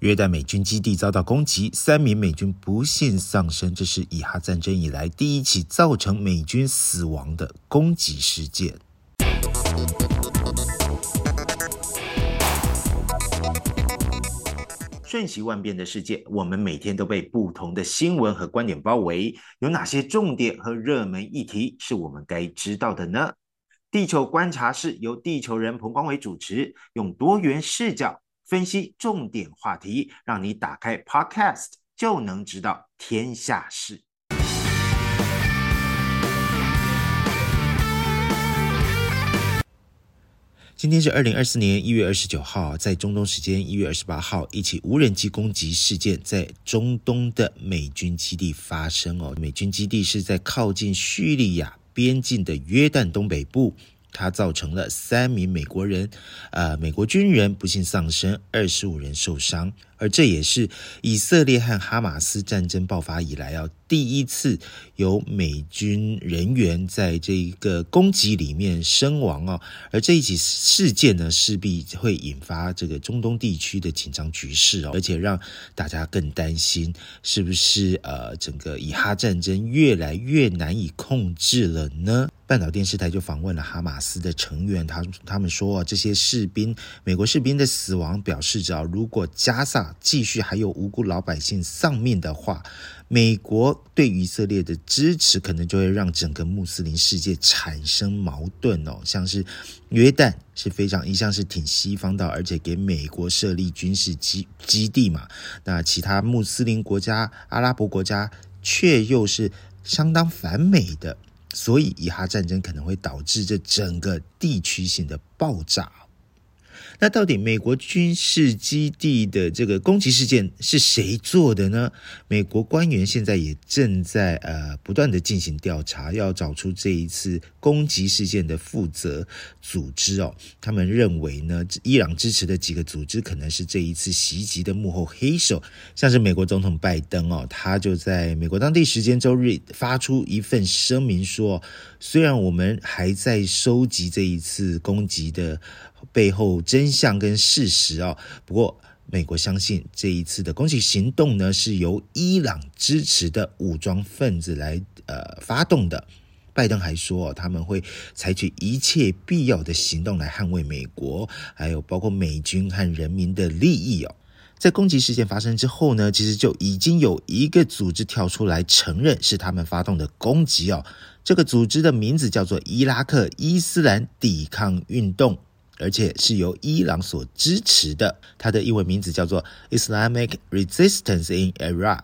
約旦美軍基地遭到攻擊，三名美軍不幸喪生，這是以哈戰爭以來第一起造成美軍死亡的攻擊事件。瞬息萬變的世界，我們每天都被不同的新聞和觀點包圍，有哪些重點和熱門議題是我們該知道的呢？地球觀察室由地球人彭光偉主持，用多元視角。分析重點話題，讓你打開 Podcast 就能知道天下事。今天是二零二四年一月二十九號，在中東時間一月二十八號，一起無人機攻擊事件在中東的美軍基地發生哦。美軍基地是在靠近敘利亞邊境的約旦東北部。它造成了三名美國人，呃，美國軍人不幸喪生，二十五人受傷，而這也是以色列和哈馬斯戰爭爆發以來，啊，第一次有美軍人員在這一個攻擊裡面身亡哦，而這一起事件呢，勢必會引發這個中東地區的緊張局勢哦，而且讓大家更擔心，是不是呃，整個以哈戰爭越來越難以控制了呢？半島電視台就訪問了哈馬斯的成員，他他們說、哦，這些士兵、美國士兵的死亡，表示着、哦、如果加薩繼續還有無辜老百姓喪命的話，美國對以色列的支持，可能就會讓整個穆斯林世界產生矛盾哦。像是約旦是非常一向是挺西方的，而且給美國設立軍事基基地嘛，那其他穆斯林國家、阿拉伯國家卻又是相當反美的。所以，以哈戰爭可能會導致這整個地區性的爆炸。那到底美國軍事基地的這個攻擊事件是誰做的呢？美國官員現在也正在呃不斷的進行調查，要找出這一次攻擊事件的負責組織哦。他們認為呢，伊朗支持的幾個組織可能是這一次襲擊的幕後黑手。像是美國總統拜登哦，他就在美國當地時間周日發出一份聲明說，雖然我們還在收集這一次攻擊的。背後真相跟事實哦，不過美國相信這一次的攻擊行動呢，是由伊朗支持的武裝分子來呃發動的。拜登還說哦，他們會採取一切必要的行動來捍衛美國，還有包括美軍和人民的利益哦。在攻擊事件發生之後呢，其實就已經有一個組織跳出來承認是他們發動的攻擊哦。這個組織的名字叫做伊拉克伊斯蘭抵抗運動。而且是由伊朗所支持的，它的英文名字叫做 Islamic Resistance in Iraq。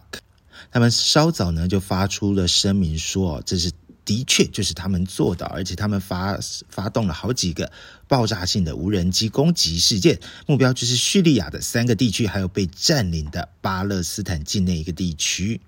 他們稍早呢就發出了聲明說，哦，這是的確就是他們做的，而且他們發發動了好幾個爆炸性的無人機攻擊事件，目標就是敘利亞的三個地區，還有被佔領的巴勒斯坦境內一個地區。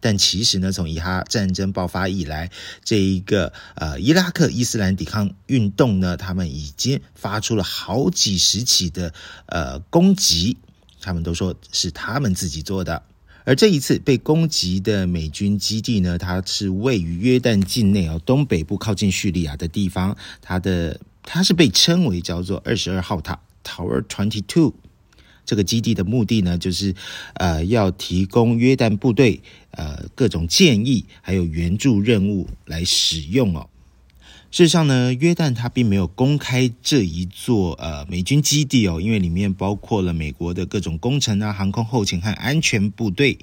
但其實呢，從以哈戰爭爆發以來，這一個呃，伊拉克伊斯蘭抵抗運動呢，他們已經發出了好幾十起的呃攻擊，他們都說是他們自己做的。而這一次被攻擊的美軍基地呢，它是位於約旦境內啊，哦，東北部靠近敘利亞的地方，它的它是被稱為叫做二十二號塔，Tower Twenty Two。這個基地的目的呢，就是，呃，要提供約旦部隊，呃，各種建議，還有援助任務來使用哦。事實上呢，約旦它並沒有公開這一座呃美軍基地哦，因為裡面包括了美國的各種工程啊、航空後勤和安全部隊。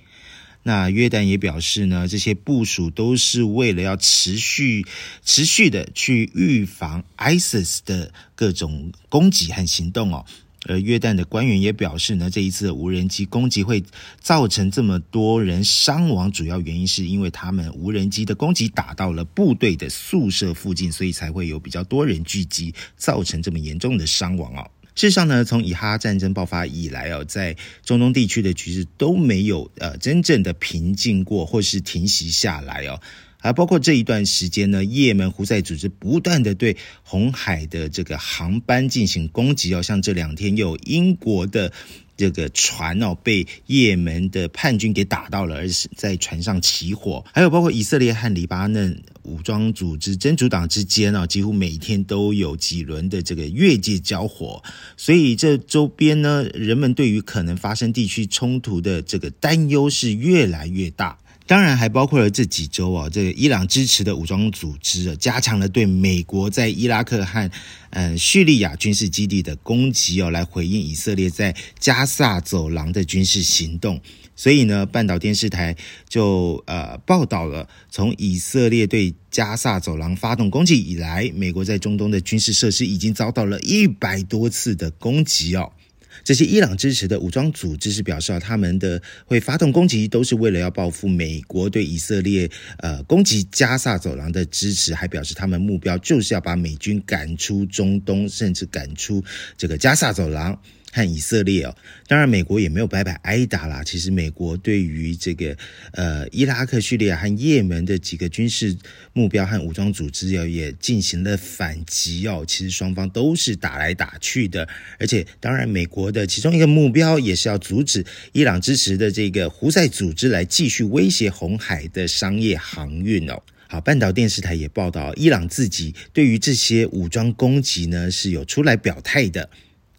那約旦也表示呢，這些部署都是為了要持續、持續的去預防 ISIS 的各種攻擊和行動哦。而約旦的官員也表示呢，這一次的無人機攻擊會造成這麼多人傷亡，主要原因是因為他們無人機的攻擊打到了部隊的宿舍附近，所以才會有比較多人聚集，造成這麼嚴重的傷亡哦。事實上呢，從以哈戰爭爆發以來哦，在中東地區的局勢都沒有呃真正的平靜過，或是停息下來哦。還包括這一段時間呢，也門胡塞組織不斷的對紅海的這個航班進行攻擊。哦，像這兩天又有英國的這個船哦，被也門的叛軍給打到了，而是在船上起火。還有包括以色列和黎巴嫩武裝組織真主黨之間哦，幾乎每天都有幾輪的這個越界交火。所以這周邊呢，人們對於可能發生地區衝突的這個擔憂是越來越大。當然，還包括了這幾周啊，這個、伊朗支持的武裝組織啊，加強了對美國在伊拉克和嗯、呃、敘利亞軍事基地的攻擊哦，來回應以色列在加薩走廊的軍事行動。所以呢，半島電視台就呃報道了，從以色列對加薩走廊發動攻擊以來，美國在中東的軍事設施已經遭到了一百多次的攻擊哦。這些伊朗支持的武裝組織是表示啊，他們的會發動攻擊，都是為了要報復美國對以色列呃攻擊加薩走廊的支持，還表示他們目標就是要把美軍趕出中東，甚至趕出這個加薩走廊。和以色列哦，當然美國也沒有白白挨打啦。其實美國對於這個呃伊拉克、敘利亞和也門的幾個軍事目標和武裝組織要、哦、也進行了反擊哦。其實雙方都是打來打去的，而且當然美國的其中一個目標也是要阻止伊朗支持的這個胡塞組織來繼續威脅紅海的商業航運哦。好，半島電視台也報道，伊朗自己對於這些武裝攻擊呢是有出來表態的。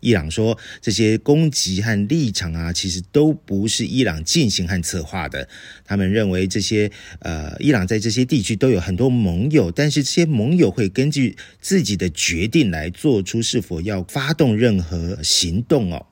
伊朗說，這些攻擊和立場啊，其實都不是伊朗進行和策劃的。他們認為，這些呃，伊朗在這些地區都有很多盟友，但是這些盟友會根據自己的決定來做出是否要發動任何行動哦。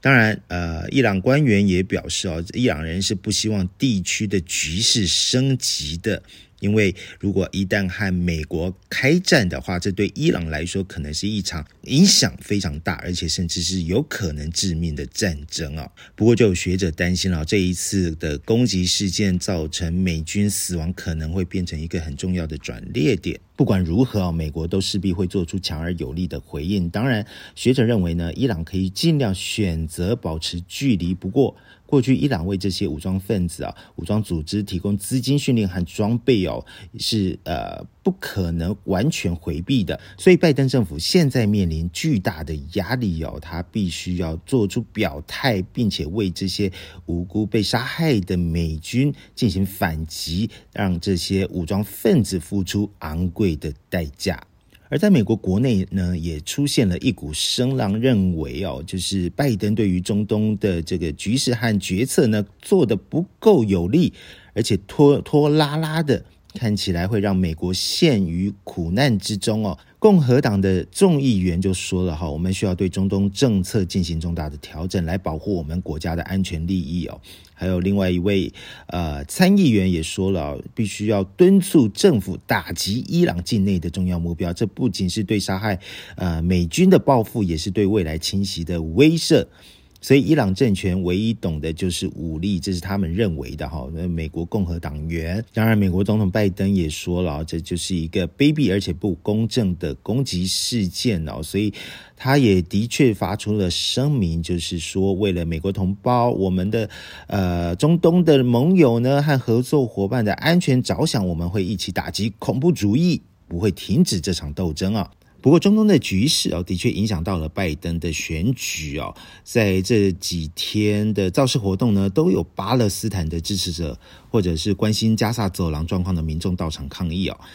當然，呃，伊朗官員也表示哦，伊朗人是不希望地區的局勢升級的。因為如果一旦和美國開戰的話，這對伊朗來說可能是一場影響非常大，而且甚至是有可能致命的戰爭啊。不過，就有學者擔心啊，這一次的攻擊事件造成美軍死亡，可能會變成一個很重要的轉捩點。不管如何啊，美國都勢必會做出強而有力的回應。當然，學者認為呢，伊朗可以盡量選擇保持距離。不過，過去，伊朗為這些武裝分子啊、武裝組織提供資金、訓練和裝備哦，是呃不可能完全迴避的。所以，拜登政府現在面臨巨大的壓力哦，他必須要做出表態，並且為這些無辜被殺害的美軍進行反擊，讓這些武裝分子付出昂貴的代價。而在美國國內呢，也出現了一股聲浪，認為哦，就是拜登對於中東的這個局勢和決策呢，做得不夠有力，而且拖拖拉拉的，看起來會讓美國陷於苦難之中哦。共和黨的眾議員就說了哈，我們需要對中東政策進行重大的調整，來保護我們國家的安全利益哦。還有另外一位呃參議員也說了，必須要敦促政府打擊伊朗境內的重要目標。這不僅是對殺害呃美軍的報復，也是對未來侵襲的威懾。所以，伊朗政權唯一懂的就是武力，這是他們認為的哈。那美國共和黨員，當然，美國總統拜登也說了，這就是一個卑鄙而且不公正的攻擊事件哦。所以，他也的確發出了聲明，就是說，為了美國同胞，我們的呃中東的盟友呢和合作夥伴的安全着想，我們會一起打擊恐怖主義，不會停止這場鬥爭啊。不過，中東的局勢哦，的確影響到了拜登的選舉哦，在這幾天的造勢活動呢，都有巴勒斯坦的支持者，或者是關心加薩走廊狀況的民眾到場抗議啊、哦。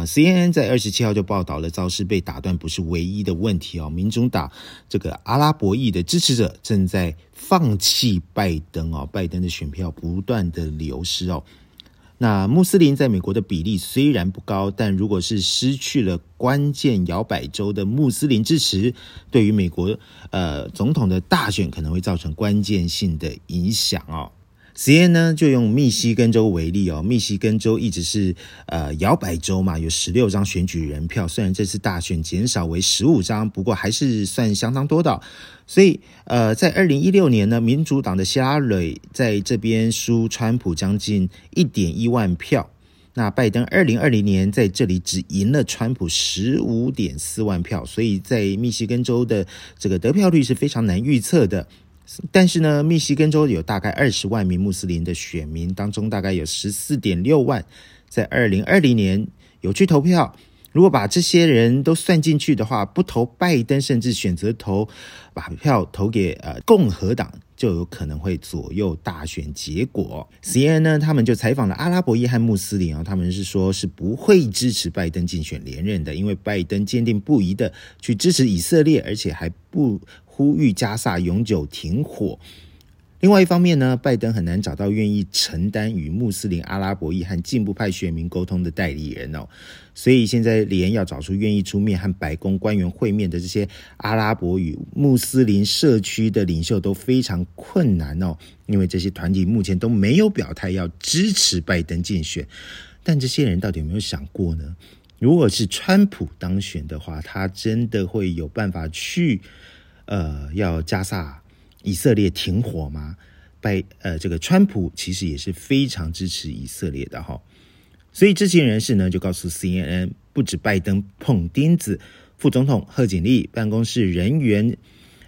呃、CNN 在二十七號就報道了，造勢被打斷不是唯一的問題哦，民主黨這個阿拉伯裔的支持者正在放棄拜登哦，拜登的選票不斷的流失哦。那穆斯林在美國的比例雖然不高，但如果是失去了關鍵搖擺州的穆斯林支持，對於美國，呃，總統的大選可能會造成關鍵性的影響哦。C N 呢，就用密西根州為例哦。密西根州一直是呃搖擺州嘛，有十六張選舉人票。雖然這次大選減少為十五張，不過還是算相當多的。所以呃，在二零一六年呢，民主黨的希拉蕊在這邊輸川普將近一點一萬票。那拜登二零二零年在這裡只贏了川普十五點四萬票。所以在密西根州的這個得票率是非常難預測的。但是呢，密西根州有大概二十萬名穆斯林的選民當中，大概有十四點六萬在二零二零年有去投票。如果把這些人都算進去的話，不投拜登，甚至選擇投把票投給呃共和黨，就有可能會左右大選結果。CNN 呢，他們就採訪了阿拉伯裔和穆斯林啊、哦，他們是說是不會支持拜登競選連任的，因為拜登堅定不移地去支持以色列，而且還不。呼籲加薩永久停火。另外一方面呢，拜登很難找到願意承擔與穆斯林、阿拉伯裔和進步派選民溝通的代理人哦。所以現在連要找出願意出面和白宮官員會面的這些阿拉伯與穆斯林社區的領袖都非常困難哦。因為這些團體目前都沒有表態要支持拜登競選。但這些人到底有沒有想過呢？如果是川普當選的話，他真的會有辦法去？呃，要加薩以色列停火嗎？拜，呃，這個川普其實也是非常支持以色列的哈，所以知情人士呢就告訴 CNN，不止拜登碰釘子，副總統賀錦麗辦公室人員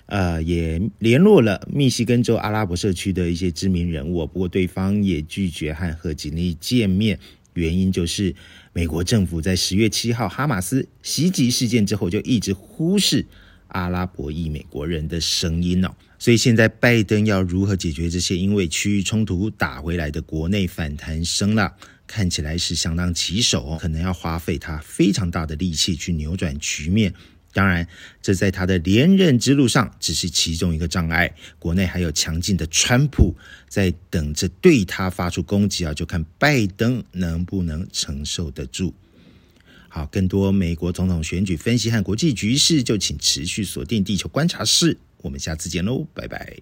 呃也聯絡了密西根州阿拉伯社區的一些知名人物，不過對方也拒絕和賀錦麗見面，原因就是美國政府在十月七號哈馬斯襲擊事件之後就一直忽視。阿拉伯裔美國人的聲音哦，所以現在拜登要如何解決這些因為區域衝突打回來的國內反彈聲浪，看起來是相當棘手哦，可能要花費他非常大的力氣去扭轉局面。當然，這在他的連任之路上只是其中一個障礙，國內還有強勁的川普在等着對他發出攻擊啊，就看拜登能不能承受得住。好，更多美國總統選舉分析和國際局勢，就請持續鎖定地球觀察室。我們下次見嘍，拜拜。